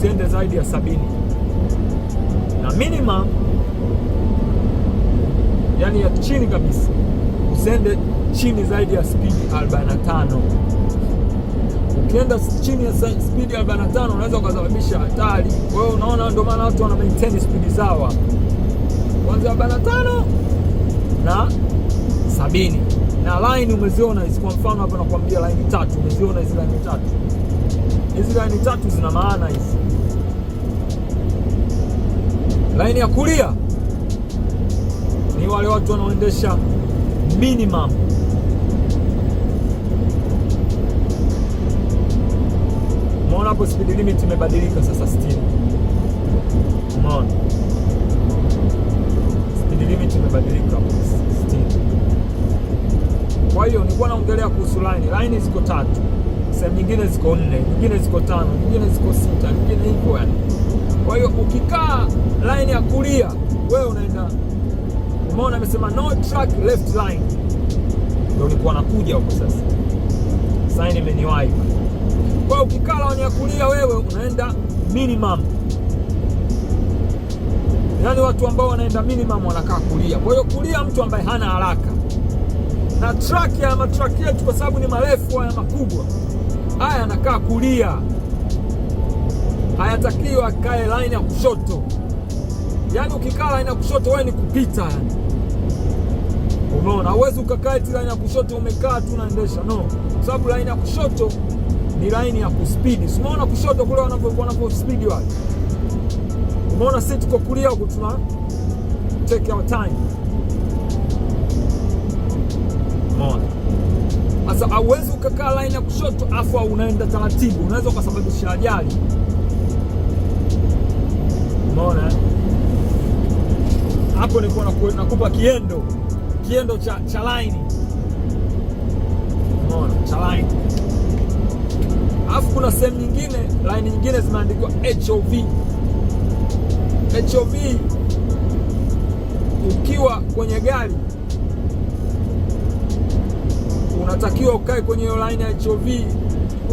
usiende zaidi ya sabini na minimum, yani ya chini kabisa usiende chini zaidi ya spidi 45. Ukienda chini ya spidi 45 unaweza ukasababisha hatari. Kwa hiyo unaona, ndio maana watu wana maintain spidi zao kwanza 45 na sabini na line umeziona hizi. Kwa mfano hapa nakwambia line tatu, umeziona hizi line tatu, hizi line tatu zina maana hizi Laini ya kulia ni wale watu wanaoendesha minimum mona hapo speed limit imebadilika sasa 60. mona Speed limit imebadilika hapo 60. Kwa hiyo nilikuwa naongelea kuhusu line. Line ziko tatu. Sehemu nyingine ziko nne, nyingine ziko tano, nyingine ziko sita, nyingine hivyo yani. Kwa hiyo ukikaa line ya kulia wewe unaenda, umeona, amesema no track left line, ndio ulikuwa nakuja huko. Sasa sign imeniwahi. Kwa hiyo ukikaa line ya kulia wewe unaenda minimum, yaani watu ambao wanaenda minimum wanakaa kulia. Kwa hiyo kulia, mtu ambaye hana haraka na track ya matrack yetu, kwa sababu ni marefu haya makubwa haya, anakaa kulia anatakiwa akae laini ya kushoto. Yaani ukikaa laini ya kushoto wewe ni kupita yani. Unaona, huwezi ukakaa eti laini ya kushoto umekaa tu unaendesha, no, kwa sababu laini ya kushoto ni laini ya kuspidi. Unaona kushoto kule wanapokuwa wanapo speed wale. Umeona sisi tuko kulia huku tuna take our time. Umeona? Sasa hauwezi ukakaa laini ya kushoto afu unaenda taratibu, unaweza ukasababisha ajali. Umeona hapo, nilikuwa nakupa kiendo kiendo cha cha line, umeona cha line. Alafu kuna sehemu nyingine line nyingine zimeandikwa HOV. HOV ukiwa kwenye gari unatakiwa ukae kwenye hiyo line ya HOV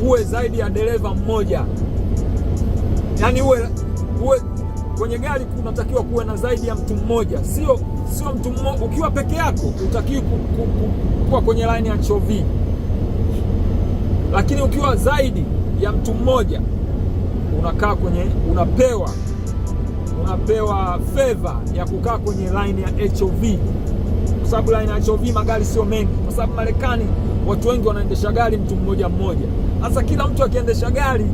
uwe zaidi ya dereva mmoja, yaani uwe uwe kwenye gari kunatakiwa kuwe na zaidi ya mtu mmoja, sio sio mtu mmoja. Ukiwa peke yako utakiwi kuwa kwenye laini ya chovi, lakini ukiwa zaidi ya mtu mmoja unakaa kwenye, unapewa unapewa fedha ya kukaa kwenye laini ya HOV kwa sababu line ya HOV magari sio mengi, kwa sababu Marekani watu wengi wanaendesha gari mtu mmoja mmoja. Sasa kila mtu akiendesha gari,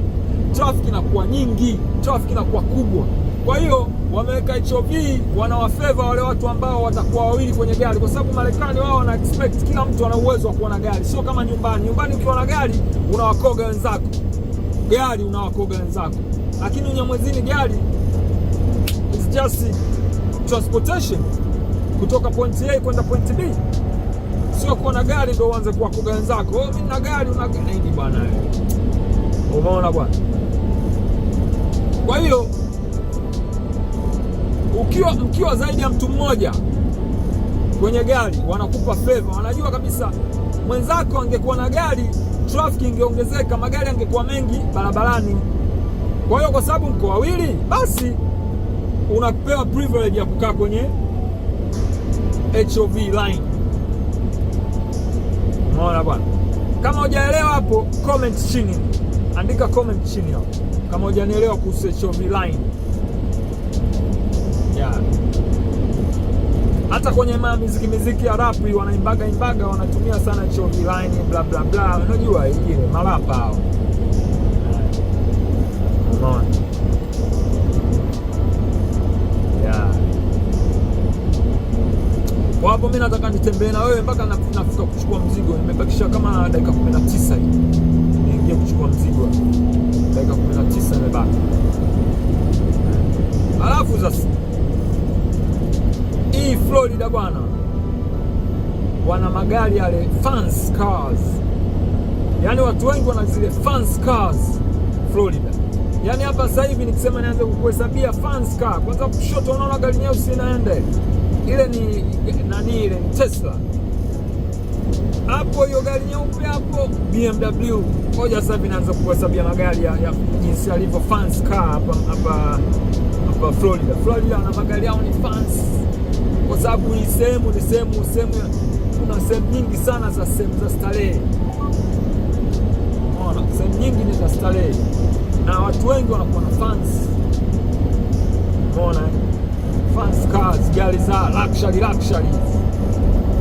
traffic inakuwa nyingi, traffic inakuwa kubwa. Kwa hiyo wameweka HOV, wanawafeva wale watu ambao watakuwa wawili kwenye gari, kwa sababu Marekani wao wana expect kila mtu ana uwezo wa kuwa na gari, sio kama nyumbani. Nyumbani ukiwa na gari unawakoga wenzako, gari unawakoga wenzako, lakini Unyamwezini gari is just transportation kutoka point A kwenda point B. Sio kuwa na gari ndio uanze kuwakoga wenzako. Wewe oh, mimi na gari una gari bwana, umeona bwana, kwa hiyo ukiwa, ukiwa zaidi ya mtu mmoja kwenye gari wanakupa favor. Wanajua kabisa mwenzako angekuwa na gari, trafiki ingeongezeka, magari angekuwa mengi barabarani. Kwa hiyo kwa sababu mko wawili, basi unapewa privilege ya kukaa kwenye HOV line. Unaona bwana, kama hujaelewa hapo, comment chini, andika comment chini hapo kama hujanielewa kuhusu HOV line. Hata kwenye ma miziki miziki ya rap wanaimbaga imbaga wanatumia sana chovi line bla bla bla, unajua ile marapa hao. Unaona? Kwa hapo mimi nataka nitembee na wewe mpaka nafika kuchukua mzigo. Nimebakisha kama dakika tisa hivi. Niingie kuchukua mzigo. Dakika tisa imebaki. Alafu sasa Florida bwana, wana magari yale fans cars, yaani watu wengi wana zile fans cars Florida. Yaani hapa sasa hivi nikisema nianze kukuhesabia fans car, kwanza kushoto unaona gari nyeusi inaenda ile ni nani? Ile ni Tesla. Hapo hiyo gari nyeupe hapo BMW. Ngoja sasa hivi naanza kuhesabia magari ya, ya jinsi alivyo fans car hapa hapa hapa Florida. Florida wana magari yao ni fans kwa sababu hii sehemu ni sehemu sehemu, kuna sehemu nyingi sana za sehemu za starehe. Unaona, sehemu nyingi ni za starehe na watu wengi wanakuwa na fans. Unaona, fans cars, gari za luxury luxury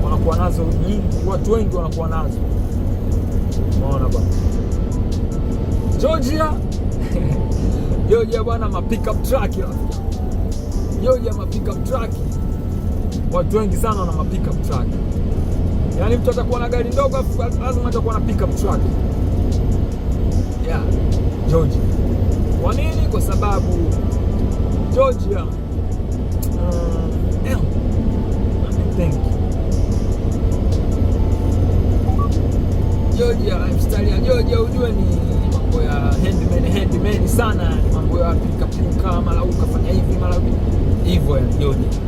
wanakuwa nazo nyingi, watu wengi wanakuwa nazo. Unaona bwana, Georgia Georgia bwana, ma pickup truck Georgia, ma truck watu wengi sana wana mapickup truck. Yaani mtu atakuwa na gari ndogo lazima atakuwa na pickup truck. Yeah, Georgia. Kwa nini? Kwa sababu Georgia uh, eh, eh, think Georgia, lifestyle ya Georgia ujue ni mambo ya handmade handmade sana, ni mambo ya pika pika, mara ukafanya hivi mara hivyo ya Georgia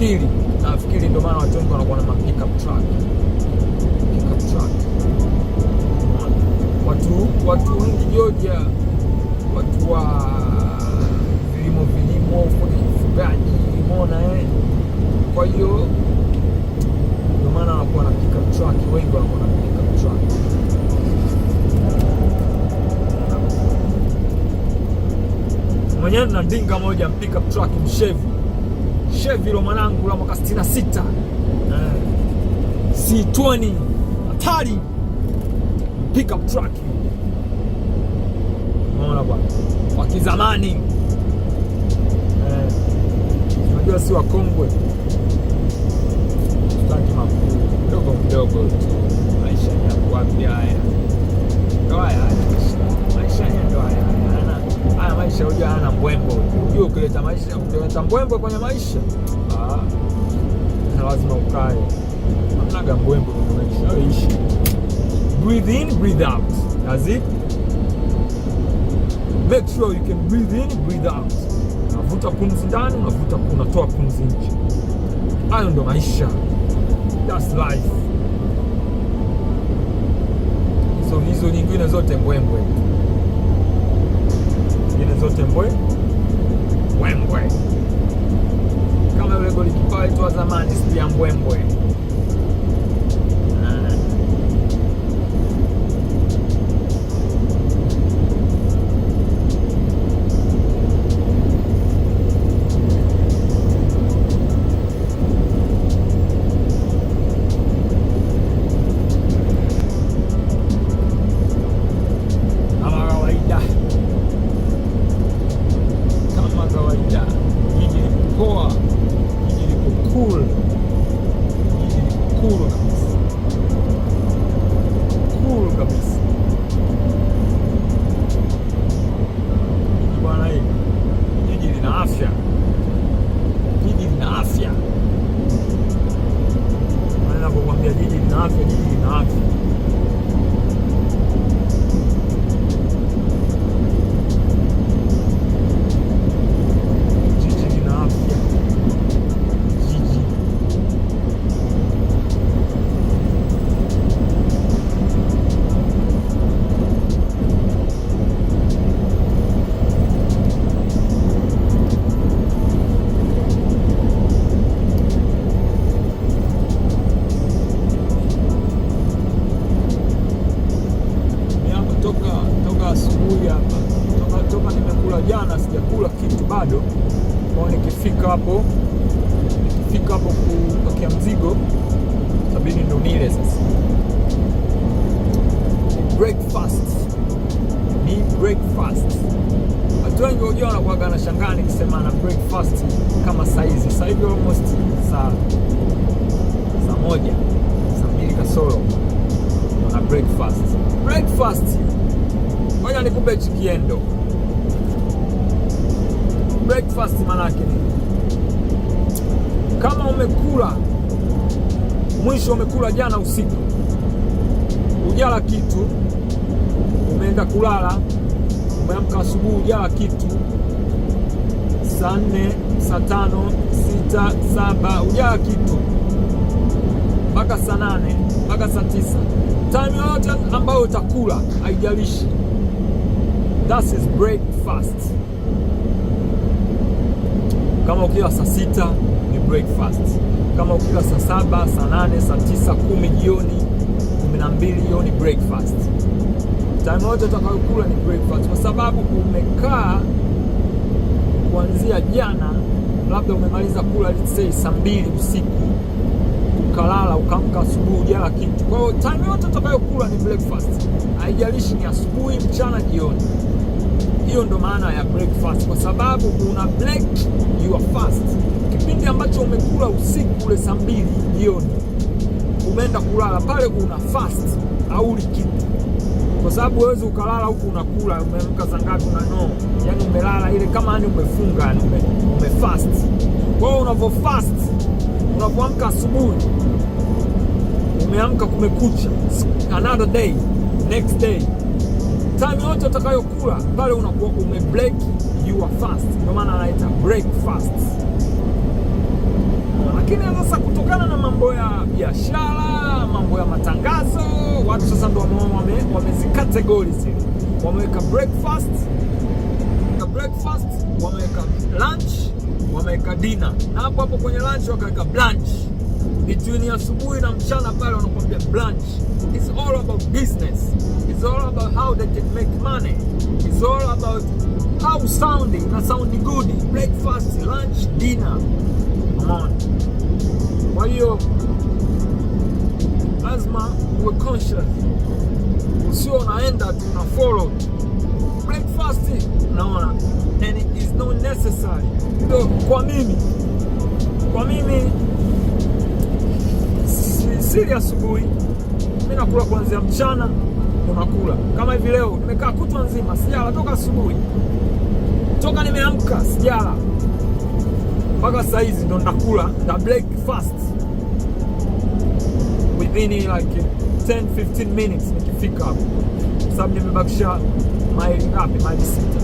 nafikiri nafikiri ndio maana watu wengi wanakuwa na ma pickup truck. Pickup truck. Watu watu wengi Georgia, watu wa vilimo vilimo, kwenye ufugaji, mona eh. Kwa hiyo ndio maana wanakuwa na pickup truck, wengi wanakuwa na pickup truck. Mwenyewe na dinga moja pickup truck mshevu Chevrolet mwanangu la mwaka 66 C20 hatari pickup truck, unaona bwana, wa kizamani eh. unajua si wakongwe tanki mafuta mdogo mdogo tu maisha, kuleta mbwembwe kwenye maisha ah, lazima ukae, mnaga mbwembwe kwenye maisha, ishi breathe in breathe out, that's it. Make sure you can breathe in breathe out. Unavuta pumzi ndani, unavuta unatoa pumzi nje. Hayo ndo maisha, that's life. So hizo nyingine zote mbwembwe, nyingine zote mbwe mbwembwe kama yule golikipa aitwa zamani, sijambwembwe Knoxville, you need Knoxville. unajua wanakuwaga shangaa nikisema na breakfast kama saizi. Sasa hivi almost saa saa moja saa mbili kasoro na breakfast. Breakfast moja nikupe chikiendo. Breakfast maanake ni kama umekula mwisho, umekula jana usiku, ujala kitu, umeenda kulala umeamka asubuhi hujawa kitu, saa nne, saa tano, sita, saba hujawa kitu mpaka saa nane mpaka saa tisa time yoyote ambayo utakula haijalishi, that is breakfast. Kama ukila saa sita ni breakfast, kama ukila saa saba, saa nane, saa tisa, kumi jioni, kumi na mbili jioni breakfast tano yote utakayokula ni breakfast, kwa sababu umekaa kuanzia jana, labda umemaliza kula let's say saa mbili usiku ukalala ukamka asubuhi ujala kitu. Kwa hiyo time yote utakayokula ni breakfast, haijalishi ni asubuhi, mchana, jioni. Hiyo ndo maana ya breakfast, kwa sababu una break your fast. Kipindi ambacho umekula usiku ule saa mbili jioni, umeenda kulala pale, una fast au kitu kwa sababu huwezi ukalala huku unakula, umeamka saa ngapi una no, yani umelala ile kama yani umefunga, yani ume, fast. Kwa hiyo fast, unapoamka asubuhi, umeamka kumekucha, another day, next day, time yote utakayokula pale unakuwa ume break your fast, ndio maana anaita fast. Lakini sasa kutokana na mambo ya biashara mambo ya matangazo. Watu sasa ndo wame, wamezikategori zile, wameweka breakfast, breakfast wameweka lunch, wameweka dinner, na hapo hapo kwenye lunch wakaweka brunch between asubuhi na mchana pale wanakuambia brunch. It's all about business. It's all about how they can make money. It's all about how sounding na sound good. Breakfast, lunch, dinner. Come on. Kwa hiyo lazima uwe conscious, usio unaenda tu na follow breakfast, Naona and it is not necessary. So, kwa mimi kwa mimi sili asubuhi, mimi nakula kuanzia mchana, unakula kama hivi. Leo nimekaa kutwa nzima sijala toka asubuhi, toka nimeamka sijala mpaka saa hizi ndo nakula na breakfast within like 10 15 minutes nikifika ah, hapo, kwa sababu nimebakisha maili ngapi? Maili sita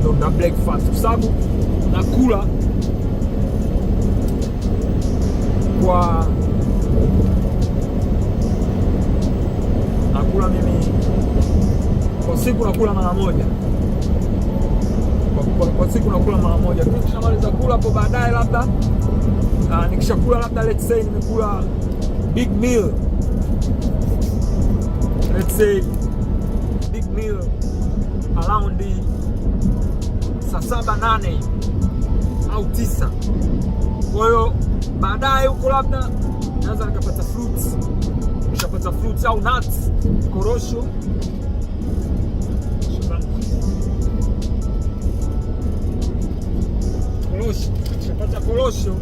ndo na breakfast, kwa sababu nakula kwa nakula mimi kwa siku nakula mara moja kwa, kwa siku nakula mara moja. maliza kula hapo baadaye, labda ah, nikishakula labda let's say nimekula big meal. Let's say big meal around saa saba nane au tisa. Kwa hiyo baadaye huko labda naweza nikapata fruits, nikapata fruits au nuts, korosho korosho, nikapata korosho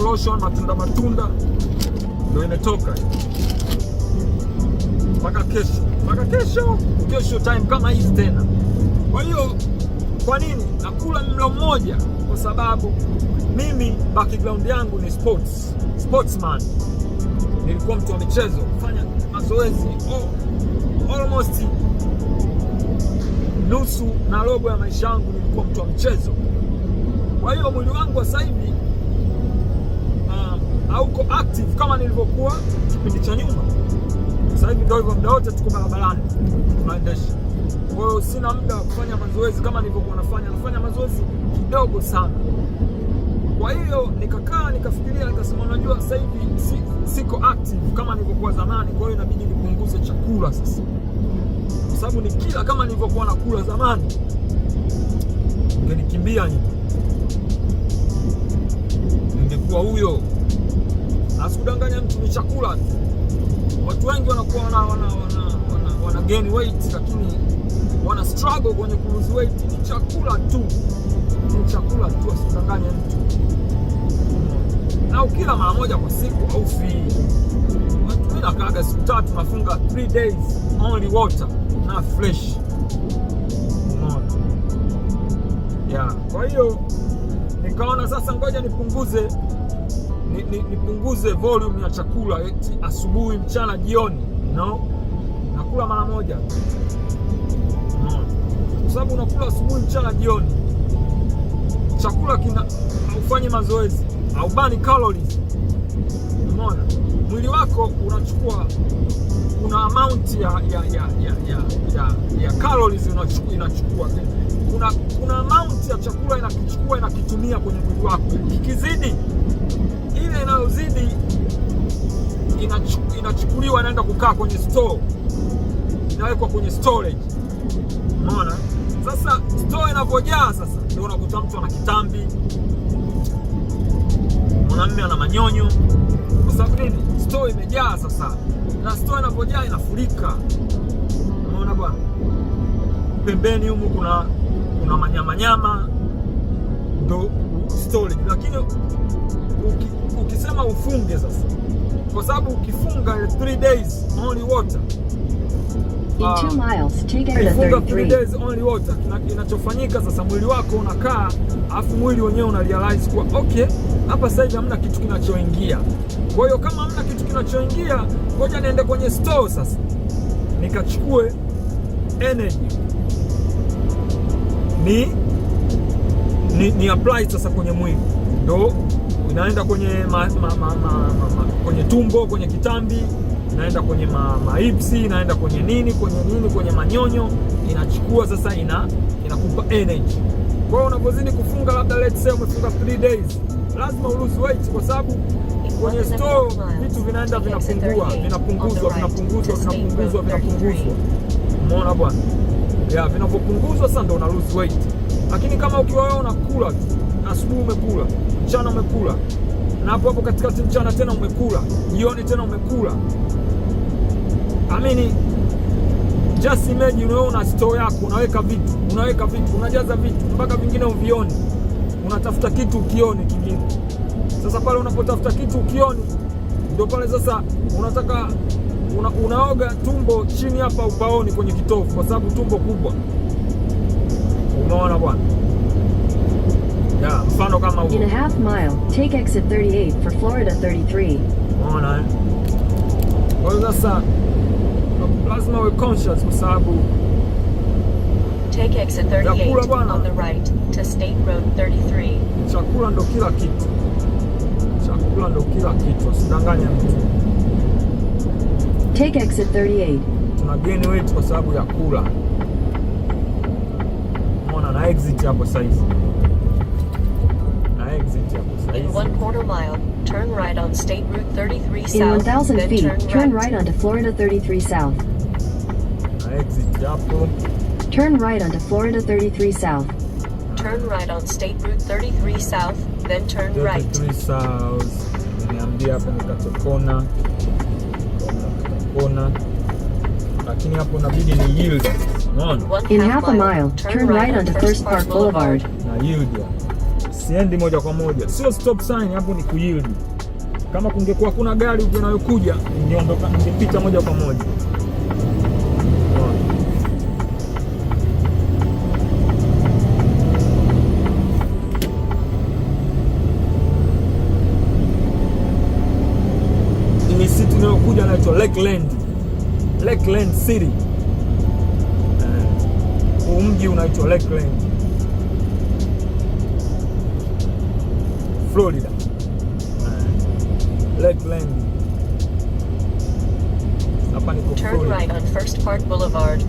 lotion, matunda matunda ndio imetoka mpaka kesho, mpaka kesho, kesho time kama hizi tena. Kwa hiyo kwa nini nakula mlo mmoja? Kwa sababu mimi background yangu ni sports, sportsman. Nilikuwa mtu wa michezo, fanya mazoezi oh, almost nusu na robo ya maisha yangu nilikuwa mtu wa michezo. Kwa hiyo mwili wangu sasa hivi active kama nilivyokuwa kipindi cha nyuma. Sasa hivi ndio hivyo, muda wote tuko barabarani tunaendesha. Kwa hiyo sina muda wa kufanya mazoezi kama nilivyokuwa nafanya, nafanya mazoezi kidogo sana. Kwa hiyo nikakaa nikafikiria, nikasema unajua, sasa hivi si, siko active kama nilivyokuwa zamani, kwa hiyo inabidi nipunguze chakula sasa, kwa sababu ni kila kama nilivyokuwa nakula zamani ngenikimbia, ningekuwa huyo asikudanganya mtu, ni chakula tu. Watu wengi wanakuwa wana, wana, wana, wana, wana gain weight lakini wana struggle kwenye kulose weight. Ni chakula tu, ni chakula tu, asikudanganye mtu. Na ukila mara moja kwa siku haufi. Mimi nakaaga siku tatu nafunga 3 days only water na fresh yeah. Kwa hiyo nikaona sasa, ngoja nipunguze nipunguze ni, ni volume ya chakula eti asubuhi, mchana, jioni no, nakula mara moja no. Kwa sababu unakula asubuhi, mchana, jioni, chakula kina ufanye mazoezi au bani calories. Umeona mwili wako unachukua kuna amount ya ya ya ya ya, ya, ya calories unachukua, inachukua kuna kuna amount ya chakula inakichukua inakitumia kwenye mwili wako, kikizidi ile inayozidi inachukuliwa inaenda kukaa kwenye store, inawekwa kwenye storage. Unaona sasa, store inavyojaa sasa, ndio unakuta mtu ana kitambi, mwanamume ana manyonyo, kwa sababu nini? Store imejaa sasa, na store inavyojaa inafurika. Unaona bwana, pembeni humu kuna kuna manyamanyama, ndo storage lakini ukisema ufunge sasa, kwa sababu ukifunga 3 days only water ah, ukifunga 3 days only water, kinachofanyika sasa, mwili wako unakaa, alafu mwili wenyewe una realize kuwa okay, hapa sasa hivi hamna kitu kinachoingia. Kwa hiyo kama hamna kitu kinachoingia, ngoja niende kwenye store sasa nikachukue energy ni, ni, ni apply sasa kwenye mwili ndo inaenda kwenye ma, ma, ma, ma, ma, ma, kwenye tumbo, kwenye kitambi, inaenda kwenye ma, maipsi, inaenda kwenye nini, kwenye nini, kwenye manyonyo, inachukua sasa, ina inakupa energy. Kwa hiyo unapozidi kufunga, labda let's say umefunga 3 days, lazima ulose weight kwa sababu kwenye store vitu vinaenda vinapungua, vinapunguzwa, vinapunguzwa, vinapunguzwa, vinapunguzwa. Umeona bwana? Yeah, vinapopunguzwa sasa ndio una lose weight. Lakini kama ukiwa wewe unakula asubuhi umekula mchana umekula, na hapo hapo katikati mchana tena umekula, jioni tena umekula. Amini, just imagine wewe una store yako, unaweka vitu, unaweka vitu, unajaza vitu mpaka vingine uvioni, unatafuta kitu ukioni kingine. Sasa pale unapotafuta kitu ukioni, ndio pale sasa unataka una, unaoga tumbo chini hapa ubaoni kwenye kitovu, kwa sababu tumbo kubwa. Umeona bwana? yeah, mfano kama huo. In a half mile, take exit 38 for Florida 33. Unaona eh? Kwa hiyo sasa lazima we conscious kwa sababu Take exit 38 on the right to State Road 33. Chakula ndo kila kitu. Chakula ndo kila kitu, usidanganye mtu. Take exit 38. Tuna geni wetu kwa sababu ya kula. Unaona na exit hapo sasa hivi. in one quarter mile, turn right on State Route 33 South. In 1,000 feet, turn, turn right. onto Florida 33 South. Turn right onto Florida 33 South. Turn right on State Route 33 South, then turn 33 right. South, niambia hapo nikate kona. Kona. Lakini hapo inabidi ni yield. In half a mile, turn right onto First Park Boulevard. Na yield ya. siendi moja kwa moja, sio stop sign hapo, ni kuyield. Kama kungekuwa kuna gari inayokuja ningeondoka, ningepita moja kwa moja. Misitu inayokuja inaitwa Lakeland, Lakeland City. Eh, huu mji unaitwa Lakeland. Florida. Lake Landing. Turn right on First Park Boulevard.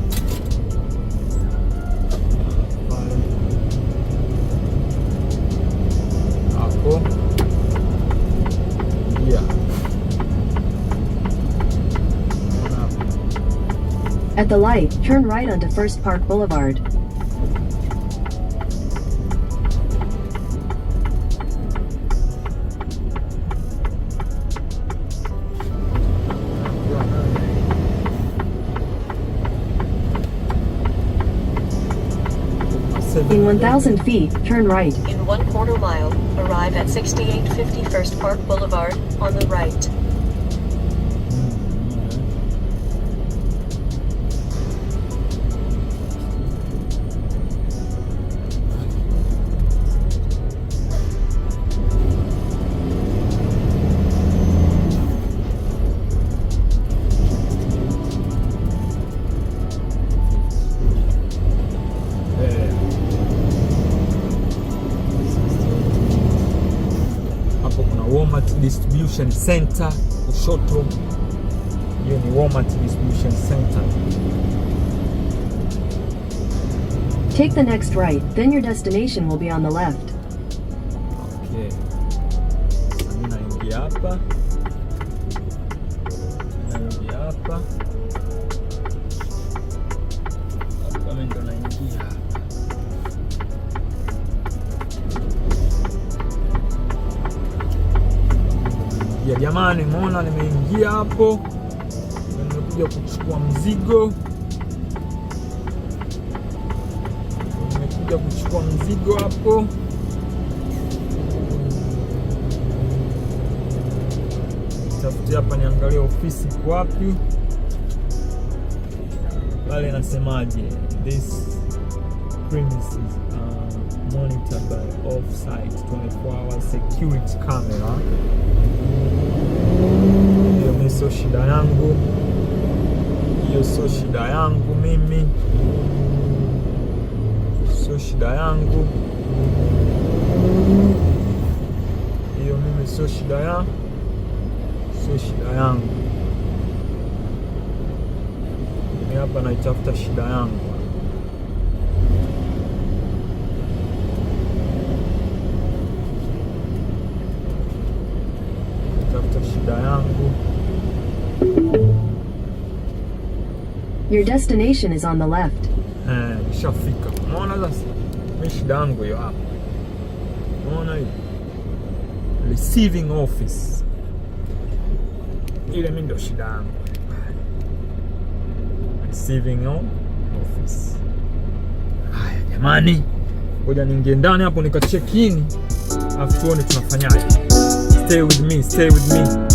At the light, turn right onto First Park Boulevard. 1,000 feet, turn right. In one quarter mile, arrive at sixty-eight fifty-first Park Boulevard, on the right. distribution center Kushoto, hiyo ni Walmart distribution center. Take the next right, then your destination will be on the left. nimekuja hapo, nimekuja kuchukua mzigo, nimekuja kuchukua mzigo hapo. Tafuti hapa niangalie ofisi iko wapi, pale nasemaje, This premises monitored by off-site 24 hour security camera sio shida yangu, hiyo sio shida yangu mimi, sio shida yangu hiyo, mimi sio shida ya sio shida yangu mimi, hapa naitafuta shida yangu. Your destination is on the left. Eh, nishafika. sasa? shida yangu hiyo hiyo? Receiving office. Ile mimi ndio shida yangu. Receiving office. Haya jamani. Ngoja ningie ndani hapo nika check in. Afu tuone tunafanyaje. Stay with me, stay with me.